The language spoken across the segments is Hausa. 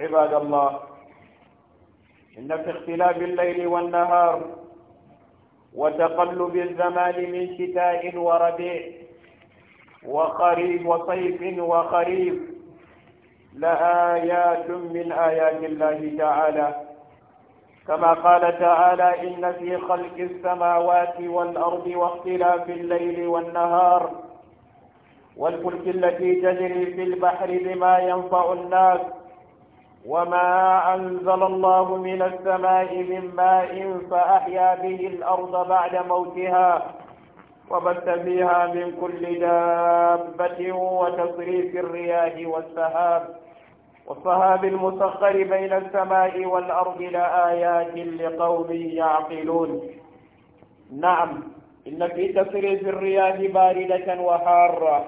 عباد الله إن في اختلاف الليل والنهار وتقلب الزمان من شتاء وربيع وخريف وصيف وخريف لآيات من آيات الله تعالى كما قال تعالى إن في خلق السماوات والأرض واختلاف الليل والنهار والفلك التي تجري في البحر بما ينفع الناس وما أنزل الله من السماء من ماء فأحيا به الأرض بعد موتها وبث فيها من كل دابة وتصريف الرياح والسحاب والصهاب المسخر بين السماء والأرض لآيات لقوم يعقلون نعم إن في تصريف الرياح باردة وحارة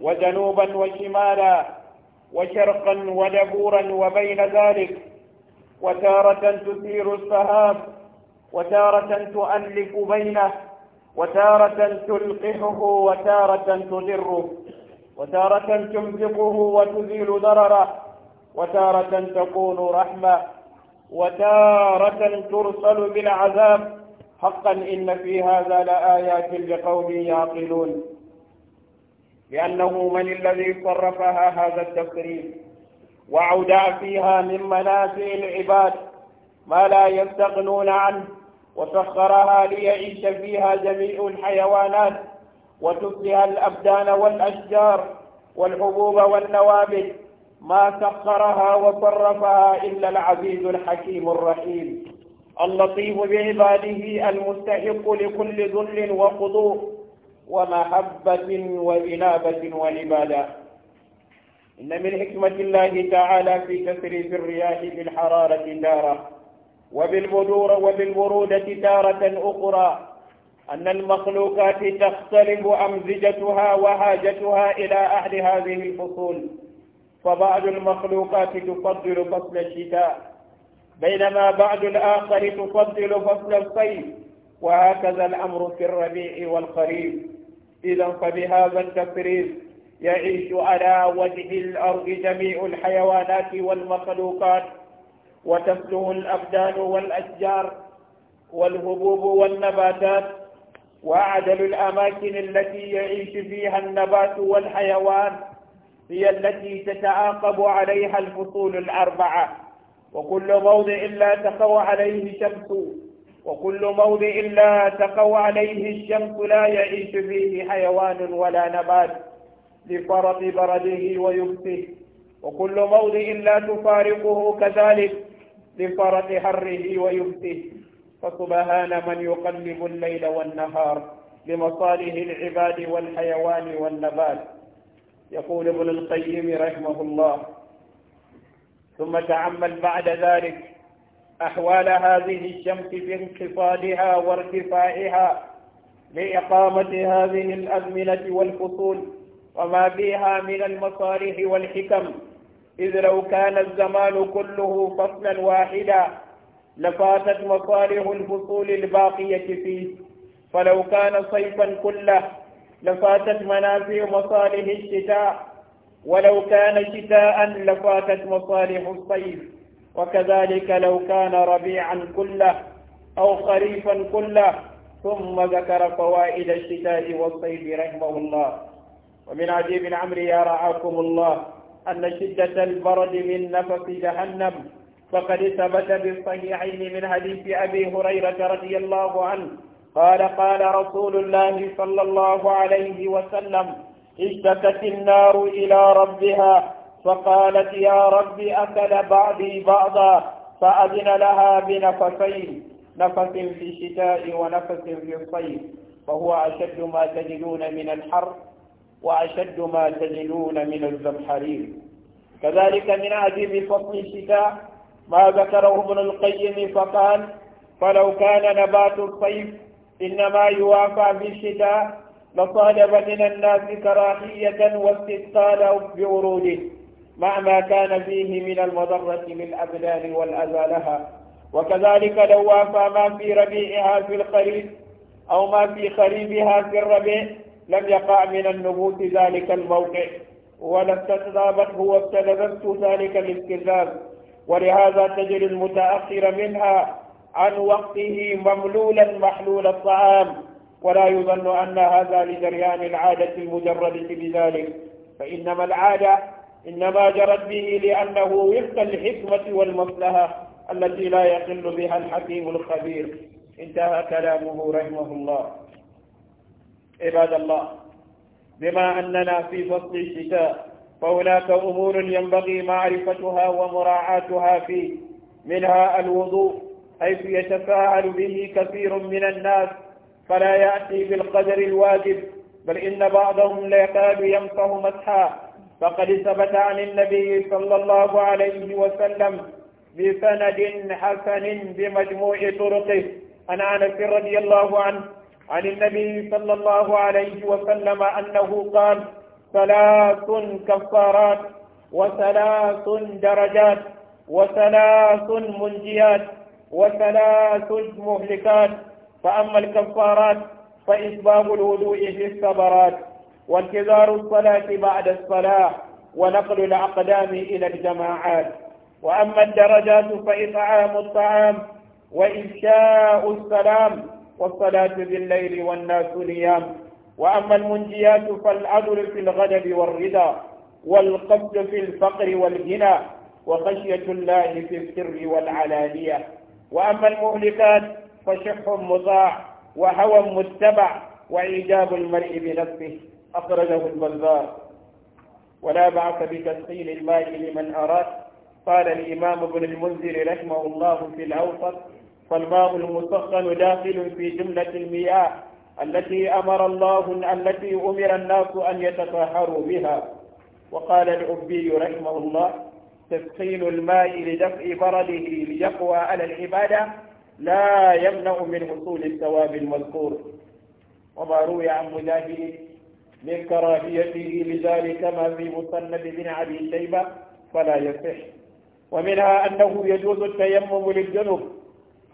وجنوبا وشمالا وشرقا ودبورا وبين ذلك وتارة تثير السهاب وتارة تؤلف بينه وتارة تلقحه وتارة تضره وتارة تمزقه وتزيل ضرره وتارة تكون رحمة وتارة ترسل بالعذاب حقا إن في هذا لآيات لقوم يعقلون لأنه من الذي صرفها هذا التصريف وعدا فيها من منافع العباد ما لا يستغنون عنه وسخرها ليعيش فيها جميع الحيوانات وتبقيها الأبدان والأشجار والحبوب والنوابل ما سخرها وصرفها إلا العزيز الحكيم الرحيم اللطيف بعباده المستحق لكل ذل وخضوع ومحبة وإنابة وعبادة إن من حكمة الله تعالى في تسريب الرياح بالحرارة تارة وبالبدور وبالبرودة تارة أخرى أن المخلوقات تختلف أمزجتها وحاجتها إلى أهل هذه الفصول فبعض المخلوقات تفضل فصل الشتاء بينما بعض الآخر تفضل فصل الصيف وهكذا الأمر في الربيع والخريف إذا فبهذا التفريز يعيش على وجه الأرض جميع الحيوانات والمخلوقات وتسلو الأبدان والأشجار والهبوب والنباتات وأعدل الأماكن التي يعيش فيها النبات والحيوان هي التي تتعاقب عليها الفصول الأربعة وكل موضع لا تقوى عليه شمس وكل موضع لا تقو عليه الشمس لا يعيش فيه حيوان ولا نبات لفرط برده ويبسه وكل موضع لا تفارقه كذلك لفرط حره ويبسه فسبحان من يقلب الليل والنهار لمصالح العباد والحيوان والنبات يقول ابن القيم رحمه الله ثم تعمل بعد ذلك أحوال هذه الشمس في انخفاضها وارتفاعها لإقامة هذه الأزمنة والفصول وما فيها من المصالح والحكم إذ لو كان الزمان كله فصلا واحدا لفاتت مصالح الفصول الباقية فيه فلو كان صيفا كله لفاتت منافع مصالح الشتاء ولو كان شتاء لفاتت مصالح الصيف وكذلك لو كان ربيعا كله أو خريفا كله ثم ذكر فوائد الشتاء والصيف رحمه الله ومن عجيب الأمر يا رعاكم الله أن شدة البرد من نفس جهنم فقد ثبت بالصحيحين من حديث أبي هريرة رضي الله عنه قال قال رسول الله صلى الله عليه وسلم اشتكت النار إلى ربها فقالت يا رب أكل بعضي بعضا فأذن لها بنفسين نفس في الشتاء ونفس في الصيف فهو أشد ما تجدون من الحر وأشد ما تجدون من الزمحرير كذلك من عجيب فصل الشتاء ما ذكره ابن القيم فقال فلو كان نبات الصيف إنما يوافى في الشتاء لطالب من الناس كراهية واستثقال بوروده مع ما كان فيه من المضرة للأبدان والأذى لها وكذلك لو وافى ما في ربيعها في الخريف أو ما في خريفها في الربيع لم يقع من النبوت ذلك الموقع ولا استتذابته واستلبته ذلك الاستذاب ولهذا تجد المتأخر منها عن وقته مملولا محلول الطعام ولا يظن أن هذا لجريان العادة المجردة بذلك فإنما العادة إنما جرت به لأنه وفق الحكمة والمصلحة التي لا يقل بها الحكيم الخبير انتهى كلامه رحمه الله عباد الله بما أننا في فصل الشتاء فهناك أمور ينبغي معرفتها ومراعاتها فيه منها الوضوء حيث يتفاعل به كثير من الناس فلا يأتي بالقدر الواجب بل إن بعضهم لا يكاد يمسه مسحا فقد ثبت عن النبي صلى الله عليه وسلم بسند حسن بمجموع طرقه عن انس رضي الله عنه عن النبي صلى الله عليه وسلم انه قال ثلاث كفارات وثلاث درجات وثلاث منجيات وثلاث مهلكات فاما الكفارات فاسباب الوضوء في الثمرات وانتظار الصلاة بعد الصلاة ونقل الأقدام إلى الجماعات وأما الدرجات فإطعام الطعام وإنشاء السلام والصلاة بالليل والناس نيام وأما المنجيات فالعدل في الغدب والرضا والقبض في الفقر والغنى وخشية الله في السر والعلانية وأما المهلكات فشح مطاع وهوى متبع وإيجاب المرء بنفسه أخرجه البزار ولا بعث بتسخين الماء لمن أراد قال الإمام ابن المنذر رحمه الله في الأوسط فالماء المسخن داخل في جملة المياه التي أمر الله التي أمر الناس أن يتطهروا بها وقال العبي رحمه الله تسخين الماء لدفع برده ليقوى على العبادة لا يمنع من حصول الثواب المذكور وما روي عن مجاهد من كراهيته لذلك ما في مسند بن ابي شيبه فلا يصح ومنها انه يجوز التيمم للجنب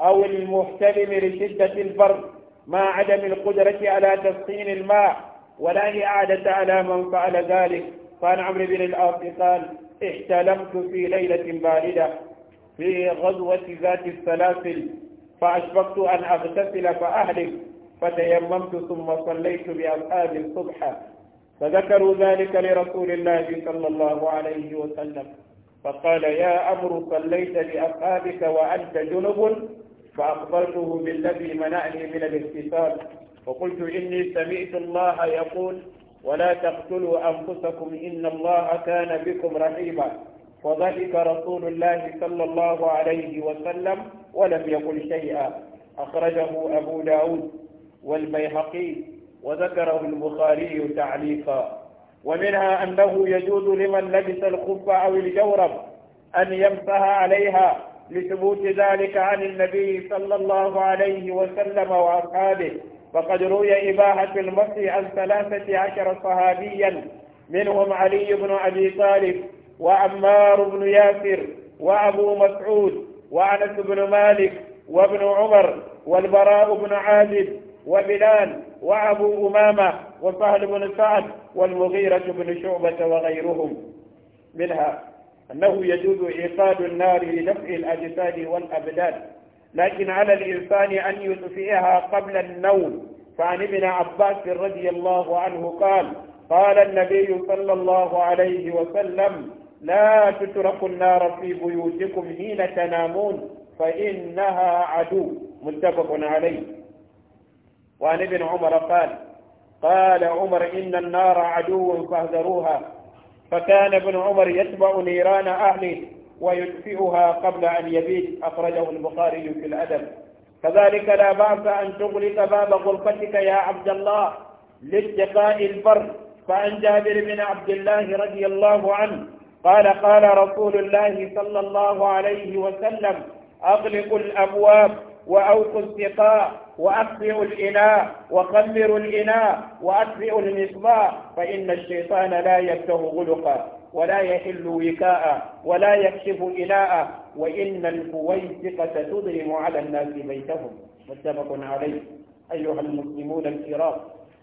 او المحتلم لشده البرد مع عدم القدره على تسخين الماء ولا اعاده على من فعل ذلك فعن عمرو بن العاص قال احتلمت في ليله بارده في غزوه ذات السلاسل فاشفقت ان اغتسل فاهلك فتيممت ثم صليت بأصحاب الصبح فذكروا ذلك لرسول الله صلى الله عليه وسلم فقال يا أمر صليت بأصحابك وأنت جنب فأخبرته بالذي منعني من الاغتسال وقلت إني سمعت الله يقول ولا تقتلوا أنفسكم إن الله كان بكم رحيما فضحك رسول الله صلى الله عليه وسلم ولم يقل شيئا أخرجه أبو داود والبيهقي وذكره البخاري تعليقا ومنها أنه يجوز لمن لبس الخف أو الجورب أن يمسح عليها لثبوت ذلك عن النبي صلى الله عليه وسلم وأصحابه فقد روي إباحة المسح عن ثلاثة عشر صحابيا منهم علي بن أبي طالب وعمار بن ياسر وأبو مسعود وأنس بن مالك وابن عمر والبراء بن عازب وبلال وأبو أمامة وسهل بن سعد والمغيرة بن شعبة وغيرهم منها أنه يجوز إيقاد النار لدفع الأجساد والأبدان لكن على الإنسان أن يطفئها قبل النوم فعن ابن عباس رضي الله عنه قال قال النبي صلى الله عليه وسلم لا تترك النار في بيوتكم حين تنامون فإنها عدو متفق عليه وعن ابن عمر قال قال عمر إن النار عدو فاهذروها فكان ابن عمر يتبع نيران أهله ويدفئها قبل أن يبيت أخرجه البخاري في الأدب كذلك لا بأس أن تغلق باب غرفتك يا عبد الله لاتقاء البر فعن جابر بن عبد الله رضي الله عنه قال قال رسول الله صلى الله عليه وسلم أغلقوا الأبواب وأوقوا السقاء وأطفئوا الإناء وخمروا الإناء وأطفئوا المصباح فإن الشيطان لا يبته غلقا ولا يحل وكاء ولا يكشف إناء وإن الكويسقة تضرم على الناس بيتهم متفق عليه أيها المسلمون الكرام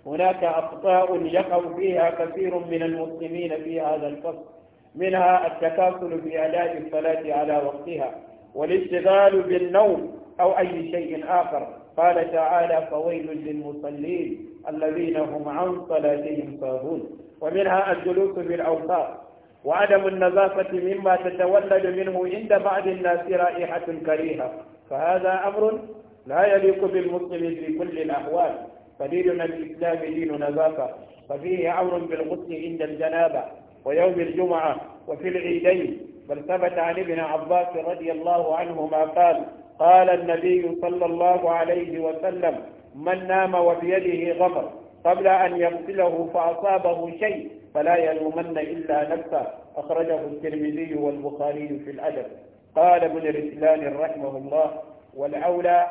هناك أخطاء يقع فيها كثير من المسلمين في هذا الفصل منها التكاسل في أداء الصلاة على وقتها والاشتغال بالنوم أو أي شيء آخر قال تعالى فويل للمصلين الذين هم عن صلاتهم صابون ومنها الجلوس في الأوساط وعدم النظافة مما تتولد منه عند بعض الناس رائحة كريهة فهذا أمر لا يليق بالمسلم في كل الأحوال فديننا الإسلام دين نظافة ففيه أمر بالغسل عند الجنابة ويوم الجمعة وفي العيدين بل ثبت عن ابن عباس رضي الله عنهما قال قال النبي صلى الله عليه وسلم من نام وبيده غمر قبل أن يغسله فأصابه شيء فلا يلومن إلا نفسه أخرجه الترمذي والبخاري في الأدب قال ابن رسلان رحمه الله والأولى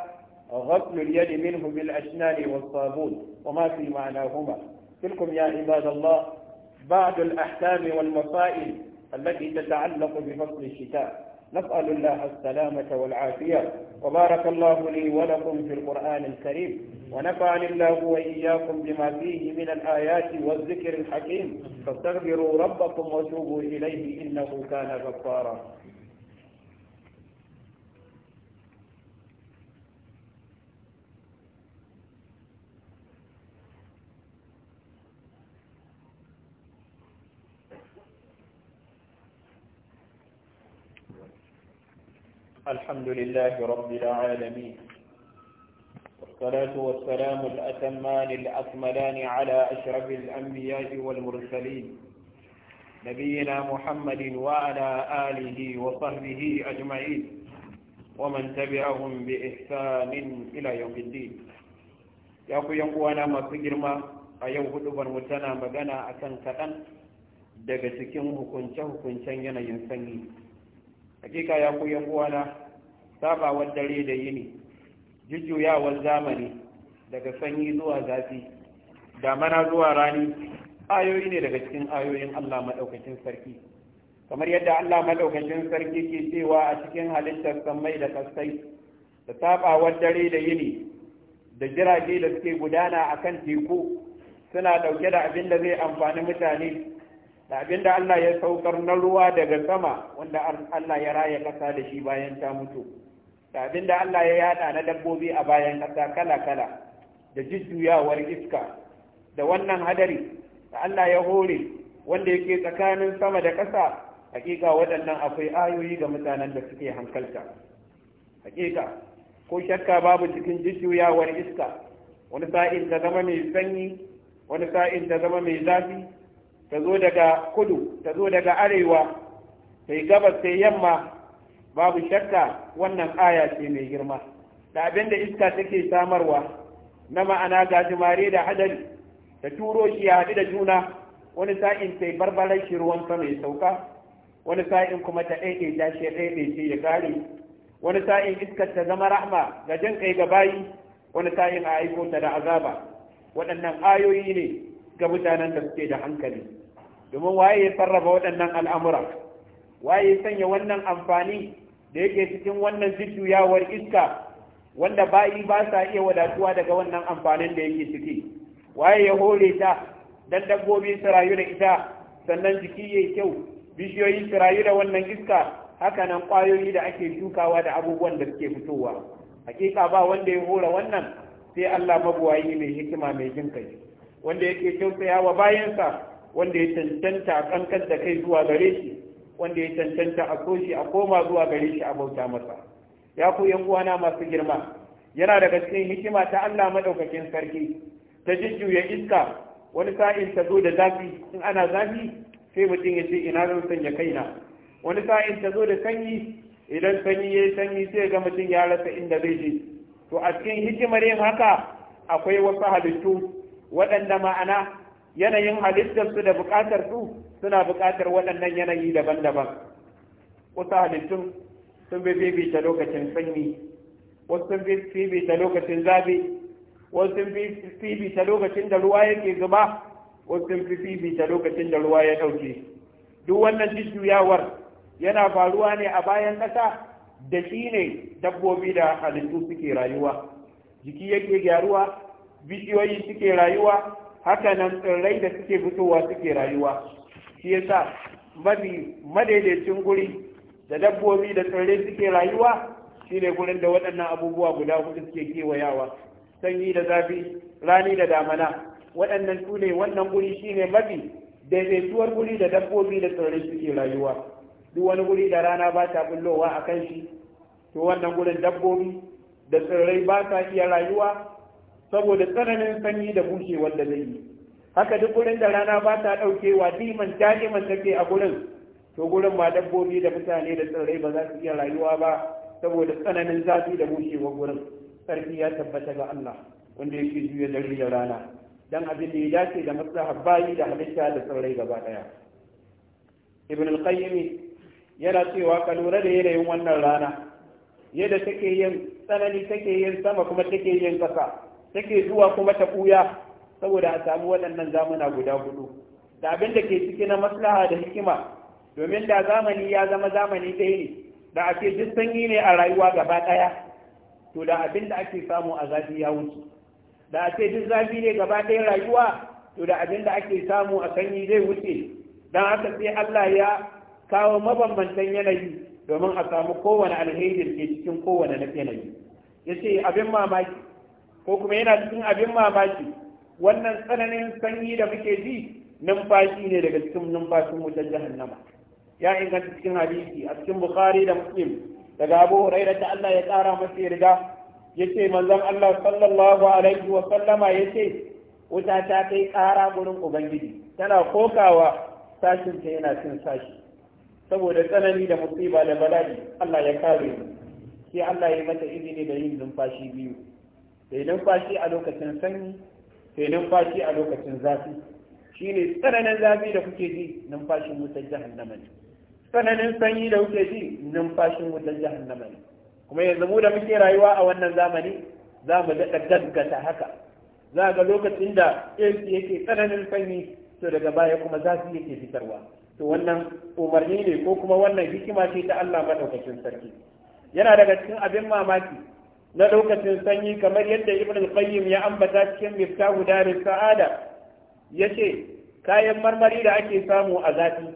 غسل اليد منه بالأشنان والصابون وما في معناهما تلكم يا عباد الله بعض الأحكام والمصائب التي تتعلق بفصل الشتاء نسأل الله السلامة والعافية وبارك الله لي ولكم في القرآن الكريم ونفعني الله وإياكم بما فيه من الآيات والذكر الحكيم فاستغفروا ربكم وتوبوا إليه إنه كان غفارا الحمد لله رب العالمين والصلاة والسلام الأتمان الأكملان على أشرف الأنبياء والمرسلين نبينا محمد وعلى آله وصحبه أجمعين ومن تبعهم بإحسان إلى يوم الدين يا أخي أنا ما تجرم أيوه دبر متنا مغنى أكن كأن daga cikin hukunce-hukuncen yanayin sanyi hakika ya ku yan uwana sabawar dare da yini jujjuyawar zamani daga sanyi zuwa zafi damana zuwa rani ayoyi ne daga cikin ayoyin Allah maɗaukacin sarki kamar yadda Allah maɗaukacin sarki ke cewa a cikin halittar sammai da kasai da sabawar dare da yini da jirage da suke gudana a kan teku suna ɗauke da abin da zai amfani mutane da abinda Allah ya saukar na ruwa daga sama wanda Allah ya raya kasa da shi bayan ta mutu da abinda Allah ya yada na dabbobi a bayan kasa kala-kala da jujjuyawar iska da wannan hadari da Allah ya hore wanda yake tsakanin sama da kasa hakika waɗannan akwai ayoyi ga mutanen da suke hankalta hakika ko shakka babu cikin jujjuyawar iska wani sa'in ta zama mai sanyi wani sa'in ta zama mai zafi ta zo daga kudu ta zo daga arewa ta yi gabas ta yamma babu shakka wannan aya ce mai girma da abin da iska take samarwa na ma'ana gajimare da hadari ta turo shi ya haɗu da juna wani sa'in ta barbarar shi ruwan sama ya sauka wani sa'in kuma ta ɗaiɗe ta shi ɗaiɗe ya kare wani sa'in iska ta zama rahma ga jan kai ga bayi wani sa'in a aiko ta da azaba waɗannan ayoyi ne ga mutanen da suke da hankali domin waye ya sarrafa waɗannan al'amura waye ya sanya wannan amfani da yake cikin wannan jujjuyawar iska wanda bayi ba sa iya wadatuwa daga wannan amfanin da yake ciki waye ya hore ta dan dabbobi su rayu da ita sannan jiki ya yi kyau bishiyoyi su da wannan iska haka nan ƙwayoyi da ake shukawa da abubuwan da suke fitowa hakika ba wanda ya hora wannan sai Allah mabuwayi mai hikima mai jin kai wanda yake kyautaya bayansa wanda ya cancanta a kankan da kai zuwa gare shi wanda ya cancanta a so a koma zuwa gare shi a bauta masa ya ku yan uwana masu girma yana daga cikin hikima ta Allah madaukakin sarki ta jujjuya iska wani sa'in ta zo da zafi in ana zafi sai mutum ya ce ina zan sanya kaina wani sa'in ta zo da sanyi idan sanyi ya sanyi sai ga mutum ya rasa inda zai je to a cikin hikimar yin haka akwai wasu halittu waɗanda ma'ana yanayin halittarsu da buƙatar su suna buƙatar waɗannan yanayi daban-daban wasu halittun sun bi fifita lokacin sanyi wasu sun bi fifita lokacin zabi wasu sun bi fifita lokacin da ruwa yake zuba wasu sun fi fifita lokacin da ruwa ya ɗauke duk wannan jujjuyawar yana faruwa ne a bayan ƙasa da shi ne dabbobi da halittu suke rayuwa jiki yake gyaruwa bishiyoyi suke rayuwa haka nan tsirrai da suke fitowa suke rayuwa shi yasa mafi madaidaicin guri da dabbobi da tsirrai suke rayuwa shine gurin da waɗannan abubuwa guda hudu suke kewayawa sanyi da zafi rani da damana waɗannan su ne wannan guri shine mafi daidaituwar guri da dabbobi da tsirrai suke rayuwa duk wani guri da rana ba ta bullowa a kan shi to wannan gurin dabbobi da tsirrai ba sa iya rayuwa saboda tsananin sanyi da bushewar da zai yi haka duk gurin da rana ba ta ɗaukewa diman da'iman take a gurin to gurin ba dabbobi da mutane da tsirrai ba za su iya rayuwa ba saboda tsananin zafi da bushewar gurin sarki ya tabbata ga Allah wanda yake juya da riya rana dan abin da ya dace da maslahar bayi da halitta da tsirrai gaba daya ibn al-qayyim yana cewa ka lura da yanayin wannan rana yadda take yin tsanani take yin sama kuma take yin kasa take zuwa kuma ta ɓuya saboda a samu waɗannan zamana guda hudu da abin da ke ciki na maslaha da hikima domin da zamani ya zama zamani ɗaya ne da ake duk sanyi ne a rayuwa gaba ɗaya to da abin da ake samu a zafi ya wuce da ake duk zafi ne gaba ɗaya rayuwa to da abin da ake samu a sanyi zai wuce Dan haka sai Allah ya kawo mabambantan yanayi domin a samu kowane alheri ke cikin kowane yanayi yace abin mamaki ko kuma yana cikin abin mamaki wannan tsananin sanyi da muke ji numfashi ne daga cikin numfashin wutar jahannama ya inganta cikin hadisi a cikin bukhari da muslim daga abu huraira ta Allah ya tsara masa yarda yace manzon Allah sallallahu alaihi wa sallama yace wuta ta kai kara gurin ubangiji tana kokawa sashin ta yana cin sashi saboda tsanani da musiba da bala'i Allah ya kare sai Allah ya mata izini da yin numfashi biyu nan numfashi a lokacin sanyi nan numfashi a lokacin zafi shine tsananin zafi da kuke ji numfashin wutar jahannama ne tsananin sanyi da kuke ji numfashin wutar jahannama ne kuma yanzu mu da muke rayuwa a wannan zamani za mu daɗa gaggata haka za ga lokacin da AC yake tsananin sanyi to daga baya kuma zafi yake fitarwa to wannan umarni ne ko kuma wannan hikima ce ta Allah madaukakin sarki yana daga cikin abin mamaki na lokacin sanyi kamar yadda ibn al-qayyim ya ambata cikin miftahu daris sa'ada yace kayan marmari da ake samu a zafi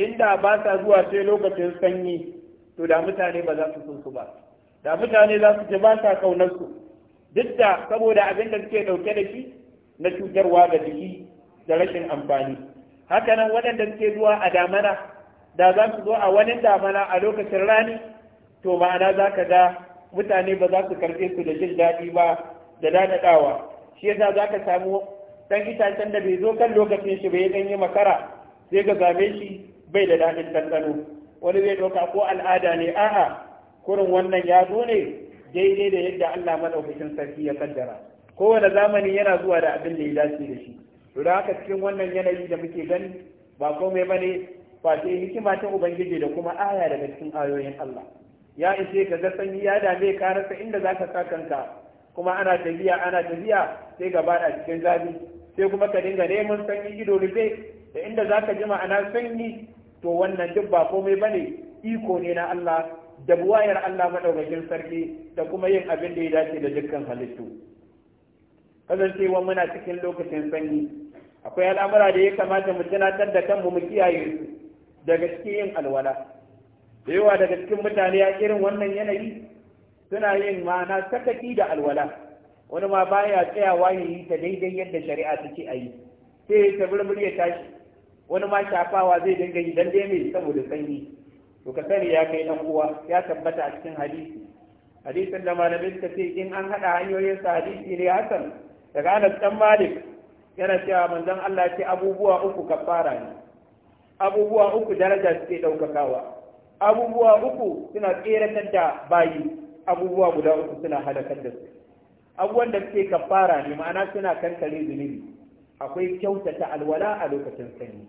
inda ba sa zuwa sai lokacin sanyi to da mutane ba za su sun su ba da mutane za su ji ba sa kaunar su duk da saboda abin da suke dauke da shi na cutarwa ga jiki da rashin amfani hakanan waɗanda suke zuwa a damana da za su zo a wani damana a lokacin rani to ma'ana za ka ga mutane ba za su karɓe su da jin daɗi ba da daɗaɗawa shi yasa za ka samu ɗan itacen da bai zo kan lokacin shi bai ɗan yi makara sai ka zame shi bai da daɗin ɗanɗano wani zai ɗauka ko al'ada ne a'a kurin wannan ya zo ne daidai da yadda Allah maɗaukakin sarki ya kaddara kowane zamani yana zuwa da abin da ya dace da shi to da haka cikin wannan yanayi da muke gani ba komai ba bane face hikima ta ubangiji da kuma aya daga cikin ayoyin Allah ya ishe ka ga sanyi ya dame ka rasa inda za ka sa kanka kuma ana tafiya ana tafiya sai gaba a cikin zafi sai kuma ka dinga neman sanyi ido rufe da inda za ka ji ma'ana sanyi to wannan duk ba komai bane iko ne na Allah da buwayar Allah madaukakin sarki da kuma yin abin da ya dace da dukkan halittu kasancewa muna cikin lokacin sanyi akwai al'amura da ya kamata mu tunatar da kanmu mu kiyaye su daga cikin yin alwala da yawa daga cikin mutane a irin wannan yanayi suna yin mana sakaki da alwala wani ma baya tsayawa ya yi ta daidai yadda shari'a ta ce a yi sai ya ta birbir ya tashi wani ma shafawa zai dinga yi dan dai mai saboda sanyi to ka sani ya kai dan uwa ya tabbata a cikin hadisi hadisin da malamai suka ce in an haɗa hanyoyin sa hadisi ne hasan daga Anas dan Malik yana cewa manzon Allah ce abubuwa uku kafara ne abubuwa uku daraja suke daukakawa abubuwa uku suna tseratar da bayi abubuwa guda uku suna halakar da su abubuwan da suke kafara ne ma'ana suna kankare zunubi akwai kyautata alwala a lokacin sanyi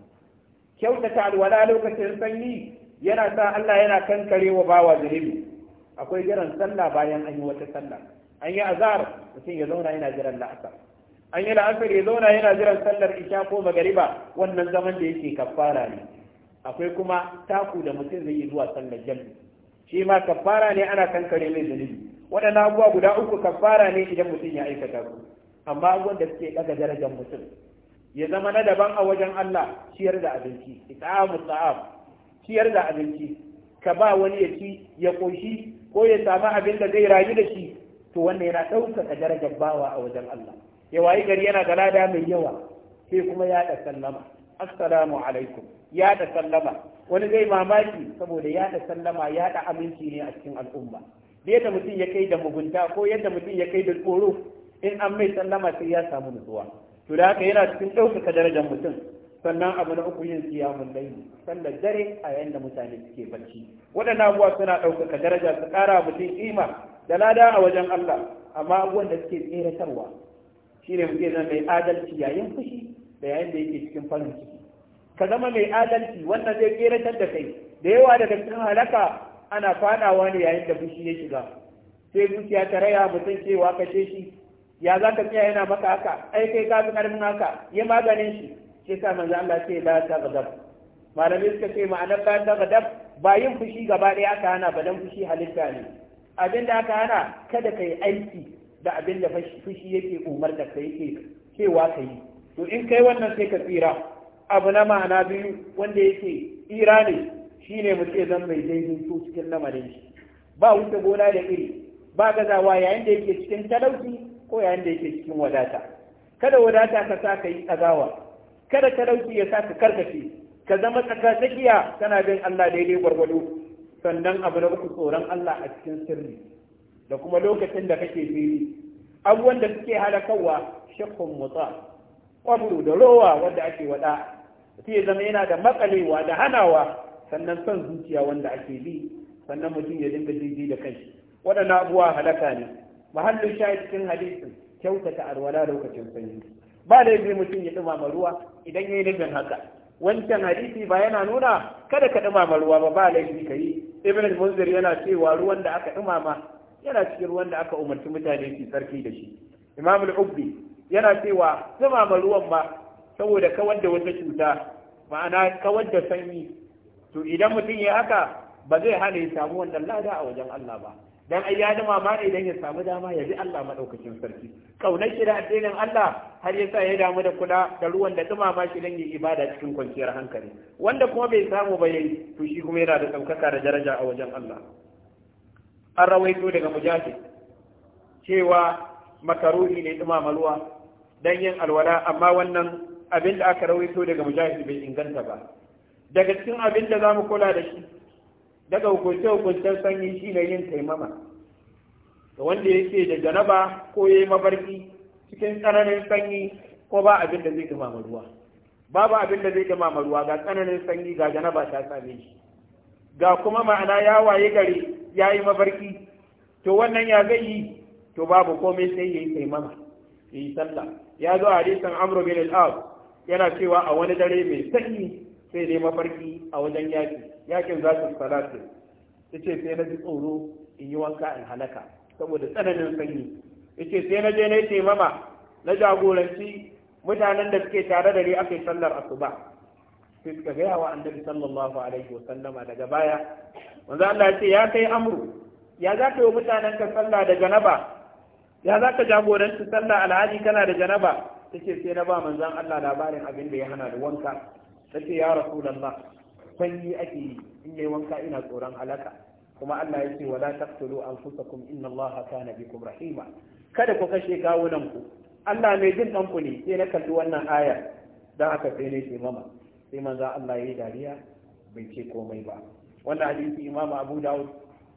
kyautata alwala a lokacin sanyi yana sa Allah yana kankare wa bawa zunubi akwai jiran sallah bayan an yi wata sallah an yi azhar mutum ya zauna yana jiran la'asar an yi la'asar ya zauna yana jiran sallar isha ko magariba wannan zaman da yake kafara ne akwai kuma taku da mutum zai yi zuwa sallar jami'i shi ma kafara ne ana kankare mai zunubi waɗannan abubuwa guda uku kafara ne idan mutum ya aikata su amma abubuwan da suke ɗaga darajar mutum ya zama na daban a wajen Allah ciyar da abinci ita'amu ta'am ciyar da abinci ka ba wani ya ci ya koshi ko ya samu abin da zai rayu da shi to wannan yana ɗaukaka darajar bawa a wajen Allah ya wayi gari yana da lada mai yawa sai kuma ya sallama assalamu alaikum ya da sallama wani zai mamaki saboda ya da sallama ya da aminci ne a cikin al'umma da yadda mutum ya kai da mugunta ko yadda mutum ya kai da tsoro in an mai sallama sai ya samu nutsuwa to da haka yana cikin ɗaukaka darajar mutum sannan abu na uku yin siyamun laili sallar dare a yayin da mutane suke barci. waɗannan abubuwa suna ɗaukaka daraja su ƙara mutum kima da lada a wajen Allah amma abubuwan da suke tseratarwa shine mutum zai mai adalci yayin fushi da yayin da yake cikin farin ciki ka zama mai adalci wannan zai keratar da kai da yawa daga cikin halaka ana fadawa ne yayin da fushi ya shiga sai zuciya ta raya mutum cewa ce shi ya za ka tsaya yana maka haka ai kai ka fi karfin haka ya maganin shi Sai sa manzo Allah ce la ta gadab malamai suka ce ma'anar la ta gadab ba yin fushi gaba ɗaya aka hana ba dan fushi halitta ne abin da aka hana kada ka yi aiki da abin da fushi yake umar da kai yake cewa ka yi to in kai wannan sai ka tsira abu na ma'ana biyu wanda yake tsira ne shine ne zan mai daidaito cikin lamarin shi ba wuce gona da iri ba gazawa yayin da yake cikin talauci ko yayin da yake cikin wadata kada wadata ka sa ka yi tsagawa kada talauci ya sa ka karkace ka zama tsaka tsakiya kana bin Allah daidai gwargwado sannan abu na uku tsoron Allah a cikin sirri da kuma lokacin da kake fili abubuwan da suke halakawa shakkun mutsa ƙwallo da rowa wanda ake waɗa mutum ya zama yana da makalewa da hanawa sannan son zuciya wanda ake bi sannan mutum ya dinga jiji da kai waɗannan abuwa halaka ne mahallin shahid cikin hadisin kyautata alwala lokacin sanyi ba laifi mutum ya ɗumama ruwa idan ya yi nufin haka wancan hadisi ba yana nuna kada ka ɗumama ruwa ba ba laifi ka yi ibn munzir yana cewa ruwan da aka ɗumama yana cikin ruwan da aka umarci mutane su tsarki da shi imam al-ubbi yana cewa ma ruwan ba saboda kawar da wata cuta ma'ana kawar da sanyi to idan mutum ya haka ba zai hana ya samu wannan lada a wajen Allah ba dan ai ya dama ma idan ya samu dama ya bi Allah madaukakin sarki kaunar shi da addinin Allah har ya sa ya damu da kula da ruwan da dumama shi dan yi ibada cikin kwanciyar hankali wanda kuma bai samu ba yayi to shi kuma yana da daukaka da daraja a wajen Allah an rawaito daga mujahid cewa makaruhi ne dumama ruwa don yin alwala amma wannan abin da aka rawaito daga mujahid bai inganta ba daga cikin abin da za mu kula da shi daga hukunce hukuncen sanyi shine yin taimama Da wanda yake da janaba ko ya yi mafarki cikin tsananin sanyi ko ba abin da zai dumama ruwa babu abin da zai dumama ruwa ga tsananin sanyi ga janaba ta same shi ga kuma ma'ana ya waye gari ya yi mafarki to wannan ya zai yi to babu komai sai yayi taimama yayi sallah ya zo a hadisin amru bin al-as yana cewa a wani dare mai sanyi sai dai mafarki a wajen yaki yakin za su salatu yace sai na ji tsoro in yi wanka in halaka saboda tsananin sanyi yace sai na je na yi taimama na jagoranci mutanen da suke tare da ni aka sallar asuba sai suka gaya wa annabi sallallahu alaihi wa sallama daga baya manzo Allah ya ce ya kai amru ya za ka yi mutanen ka sallah da janaba ya za ka jagoranci sallah alhaji kana da janaba ta ce sai na ba manzan Allah labarin abin da ya hana da wanka ta ce ya rasulallah sanyi ake yi in ne wanka ina tsoron halaka kuma Allah ya ce wala taqtulu anfusakum inna Allah kana bikum rahima kada ku kashe kawunan ku Allah mai jin ɗanku ne sai na kalli wannan aya dan aka sai ne ce mama sai manzan Allah ya yi dariya bai ce komai ba wannan hadisi Imam Abu Dawud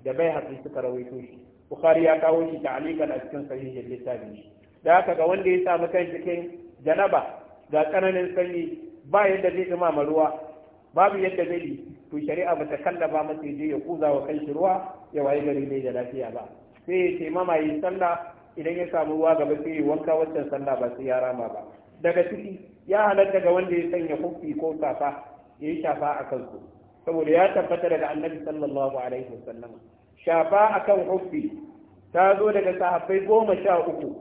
da bai suka rawaito shi bukhari ya kawo shi ta'alikan a cikin sahihin littafin shi da haka ga wanda ya samu kan cikin janaba ga tsananin sanyi ba yadda zai dumama ruwa babu yadda zai yi to shari'a ba ta kallaba masa je ya kuza wa shi ruwa ya waye gari bai da lafiya ba sai ya ce mama yi sallah idan ya samu ruwa gaba sai ya wanka wancan sallah ba sai ya rama ba daga ciki ya halatta ga wanda ya sanya kofi ko safa ya yi shafa a kansu saboda ya tabbata daga annabi sallallahu alaihi wasallam shafa akan huffi ta zo daga sahabbai goma sha uku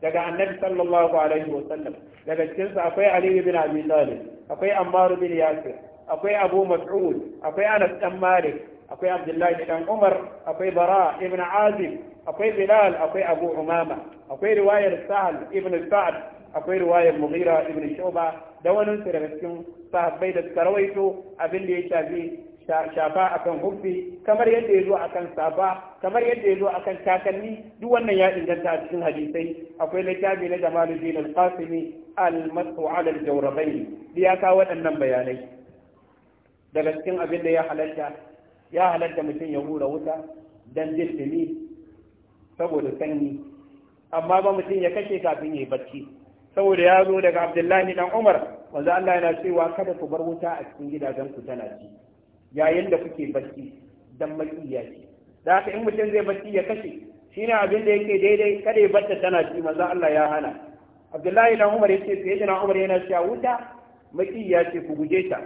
daga annabi sallallahu alaihi wa sallam daga cikin sa akwai ali ibn abi talib akwai ammar bin yasir akwai abu mas'ud akwai anas dan malik akwai abdullahi dan umar akwai bara ibn azib akwai bilal akwai abu umama akwai riwayar sahal ibn sa'd akwai riwayar mughira ibn shuba da wani daga cikin sahabbai da suka rawaito abin da ya shafi shafa akan hubbi kamar yadda ya zo akan safa kamar yadda ya zo akan takalmi duk wannan ya inganta a cikin hadisai akwai littafi na Jamaluddin al-Qasimi al-Masu 'ala al-Jawrabayn ya kawo waɗannan bayanai daga cikin abin da ya halatta ya halatta mutum ya hura wuta dan jin saboda sanyi amma ba mutum ya kashe kafin ya yi bacci saboda ya zo daga Abdullahi dan Umar wanda Allah yana cewa kada ku bar wuta a cikin gidajen ku tana ci yayin da kuke bacci dan makiya ce da haka in mutum zai bacci ya kashe ne abin da yake daidai kada ya barta tana ci maza Allah ya hana Abdullahi dan Umar yace sai yana Umar yana cewa wuta makiya ce ku guje ta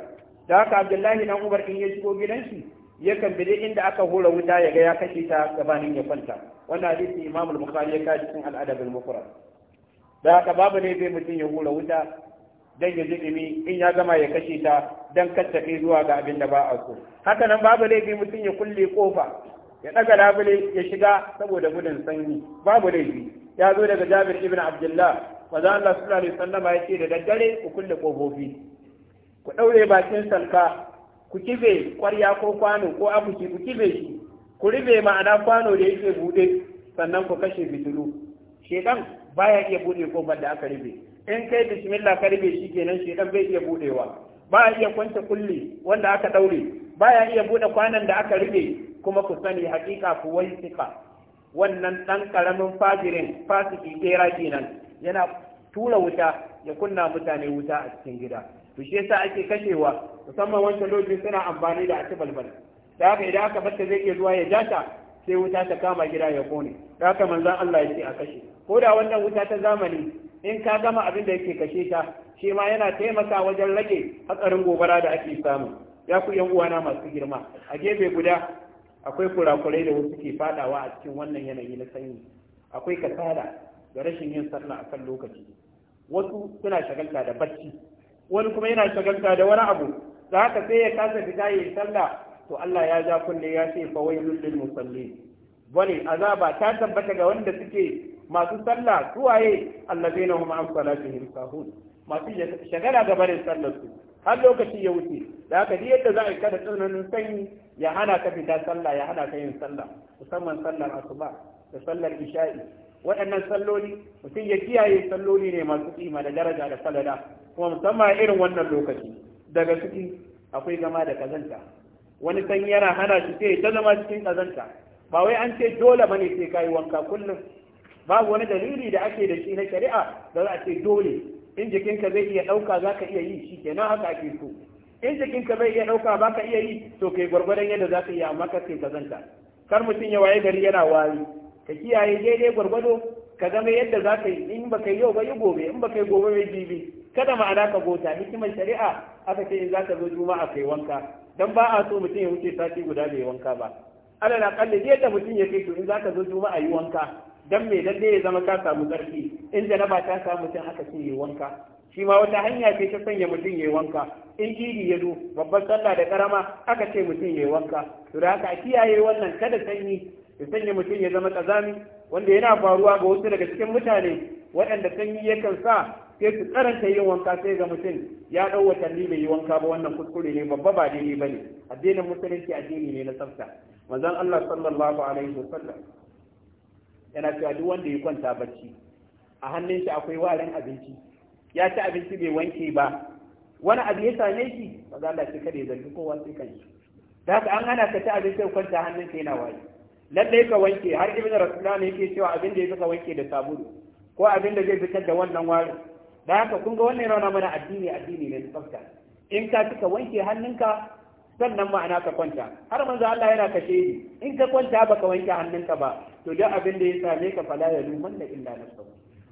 da haka Abdullahi dan Umar in ya shigo gidan shi yakan bi inda aka hura wuta ya ga ya kashe ta gabanin ya kwanta wannan hadisi Imam al-Bukhari ya kaji cikin al-Adab al-Mufrad da haka babu ne bai mutum ya hura wuta dan ya zulumi in ya gama ya kashe ta dan kattafe zuwa ga abin da ba a so haka nan babu laifi mutum ya kulle kofa ya daga labule ya shiga saboda gudun sanyi babu laifi ya zo daga Jabir ibn Abdullah manzo Allah sallallahu alaihi wasallam ya ce da daddare ku kulle kofofi ku daure bakin salka ku kibe kwarya ko kwano ko abuki ku kibe shi ku ribe ma'ana kwano da yake bude sannan ku kashe fitilu shedan baya iya bude kofar da aka ribe in kai bismillah ka shi kenan shi dan bai iya budewa ba a iya kwance kulli wanda aka daure ba ya iya bude kwanan da aka rufe kuma ku sani hakika ku wannan dan karamin fajirin fasiki kera kenan yana tura wuta ya kunna mutane wuta a cikin gida to shi yasa ake kashewa musamman wancan lokacin suna amfani da atibalbal da haka idan aka batta zai iya zuwa ya jata sai wuta ta kama gida ya kone da haka manzon Allah ya ce a kashe ko da wannan wuta ta zamani in ka gama abin da yake kashe ta shi ma yana taimaka wajen rage hatsarin gobara da ake samu ya ku yan uwana masu girma a gefe guda akwai kurakurai da wasu ke fadawa a cikin wannan yanayi na sanyi akwai kasala da rashin yin sallah a kan lokaci wasu suna shagalta da bacci wani kuma yana shagalta da wani abu Za ka sai ya kasa fita yi sallah to Allah ya ja kunne ya ce fa wailul lil musallin Bani azaba ta tabbata ga wanda suke masu sallah suwaye allazina hum an salatihim sahun masu shagala ga barin sallar su har lokaci ya wuce da haka ji yadda za a kada tsananin sanyi ya hana ka fita sallah ya hana ka yin sallah musamman sallar asuba da sallar isha'i waɗannan salloli mutum ya kiyaye salloli ne masu kima da daraja da salada. kuma musamman irin wannan lokaci daga ciki akwai zama da kazanta wani sanyi yana hana shi sai ta zama cikin kazanta ba wai an ce dole bane sai kayi wanka kullum babu wani dalili da ake da shi na shari'a da za a ce dole in jikinka zai iya ɗauka za ka iya yi shi ke nan haka ake so in jikinka zai iya ɗauka ba ka iya yi to kai gwargwadon yadda za ka iya amma ka ce kazanta kar mutum ya waye gari yana wari ka kiyaye daidai gwargwado ka zama yadda za ka yi in ba ka yi yau ba yi gobe in ba ka yi gobe mai jibi kada ma'ana ka gota hikimar shari'a aka ce in za ka zo juma'a kai wanka dan ba a so mutum ya wuce sati guda bai wanka ba na kalli yadda mutum ya kai to in za ka zo juma'a yi wanka dan me lalle ya zama ka samu tsarki in ba ta samu mutum haka sai yi wanka shi ma wata hanya ce ta sanya mutum ya wanka in jiri ya zo babban sallah da karama aka ce mutum ya wanka to da haka a kiyaye wannan kada sanyi ya sanya mutum ya zama kazami wanda yana faruwa ga wasu daga cikin mutane waɗanda sanyi yakan sa sai su karanta yin wanka sai ga mutum ya ɗau watanni bai yi wanka ba wannan kuskure ne babba ba daidai ba ne addinin musulunci addini ne na tsafta manzon Allah sallallahu alaihi wasallam yana cewa duk wanda ya kwanta bacci a hannun shi akwai warin abinci ya ci abinci bai wanke ba wani abu ya same shi maza Allah ce kada ya zargi kowa sai kan shi da haka an hana ka ci abinci kwanta hannun ka yana waye? lalle ka wanke har na rasulullah ne yake cewa abin da ya ka wanke da sabulu ko abin da zai fitar da wannan warin da haka kun ga wannan yana mana addini addini ne na tsafta in ka cika wanke hannunka sannan ma'ana ka kwanta har manzo Allah yana kashe ni in ka kwanta baka wanke hannunka ba to duk abin da ya same ka fala ya luman da illa nafsu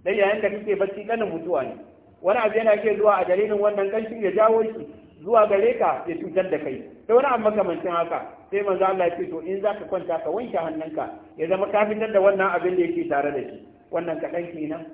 dan yayin da kake bacci kanin mutuwa ne wani abu yana ke zuwa a dalilin wannan kanshin ya jawo shi zuwa gare ka ya cutar da kai sai wani abu makamancin haka sai manzo Allah ya ce to in zaka kwanta ka wanke hannunka ya zama ka fitar da wannan abin da yake tare da shi wannan kaɗan kenan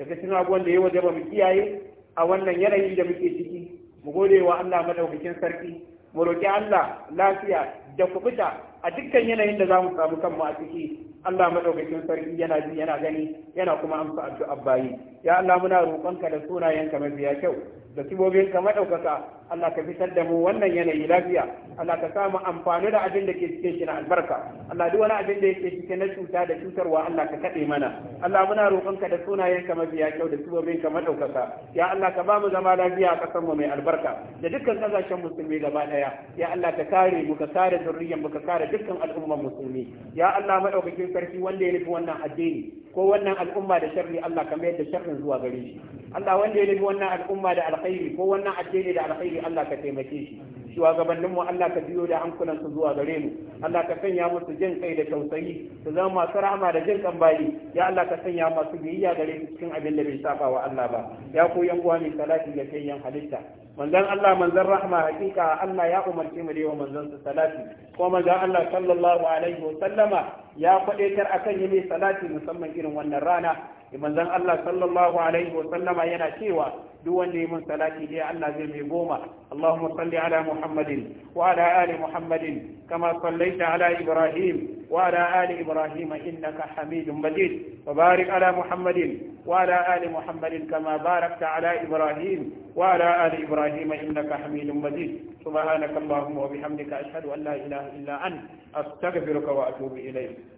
daga cikin abubuwan da ya waje ba mu kiyaye a wannan yanayi da muke ciki mu gode wa Allah madaukakin sarki mu roƙi Allah lafiya da kubuta a dukkan yanayin da za mu samu kanmu a ciki Allah madaukakin sarki yana ji yana gani yana kuma amsa addu'a bayi ya Allah muna roƙonka da sunayenka mafiya kyau da ka madaukaka Allah ka fitar da mu wannan yanayi lafiya Allah ka samu amfani da abin da ke cikin shi na albarka Allah duk wani abin da yake cikin na cuta da cutarwa Allah ka kaɗe mana Allah muna roƙonka da sunayenka mafiya kyau da ka madaukaka ya Allah ka ba mu zama lafiya a ƙasar mu mai albarka da dukkan kasashen musulmi gaba ɗaya ya Allah ka kare mu ka kare zurriyyar mu ka kare dukkan al'ummar musulmi ya Allah madaukakin sarki wanda ya nufi wannan addini ko wannan al'umma da sharri Allah ka mayar da sharrin zuwa gare shi Allah wanda ya nufi wannan al'umma da alkhairi ko wannan addini da alkhairi Allah ka taimake shi mu Allah ka biyo da su zuwa gare mu Allah ka sanya musu jin kai da tausayi su zama masu rahama da jin kan bayi ya Allah ka sanya masu biyayya gare su cikin abin da bai saba wa Allah ba ya ku yan uwa mai salati ga yan halitta manzon Allah manzon rahma hakika Allah ya umarci mu da yawa manzon su salati kuma manzon Allah sallallahu alaihi wa sallama ya kwadaitar akan yi mai salati musamman irin wannan rana manzon Allah sallallahu alaihi wa sallama yana cewa duk wanda ya mun salati dai Allah zai mai goma Allahumma salli ala Muhammadin wa ala ali Muhammadin kama sallaita ala Ibrahim wa ala ali Ibrahim innaka Hamidum Majid wa barik ala Muhammadin wa ala ali Muhammadin kama barakta ala Ibrahim wa ala ali Ibrahim innaka Hamidum Majid subhanaka Allahumma wa bihamdika ashhadu an la ilaha illa anta astaghfiruka wa atubu ilayk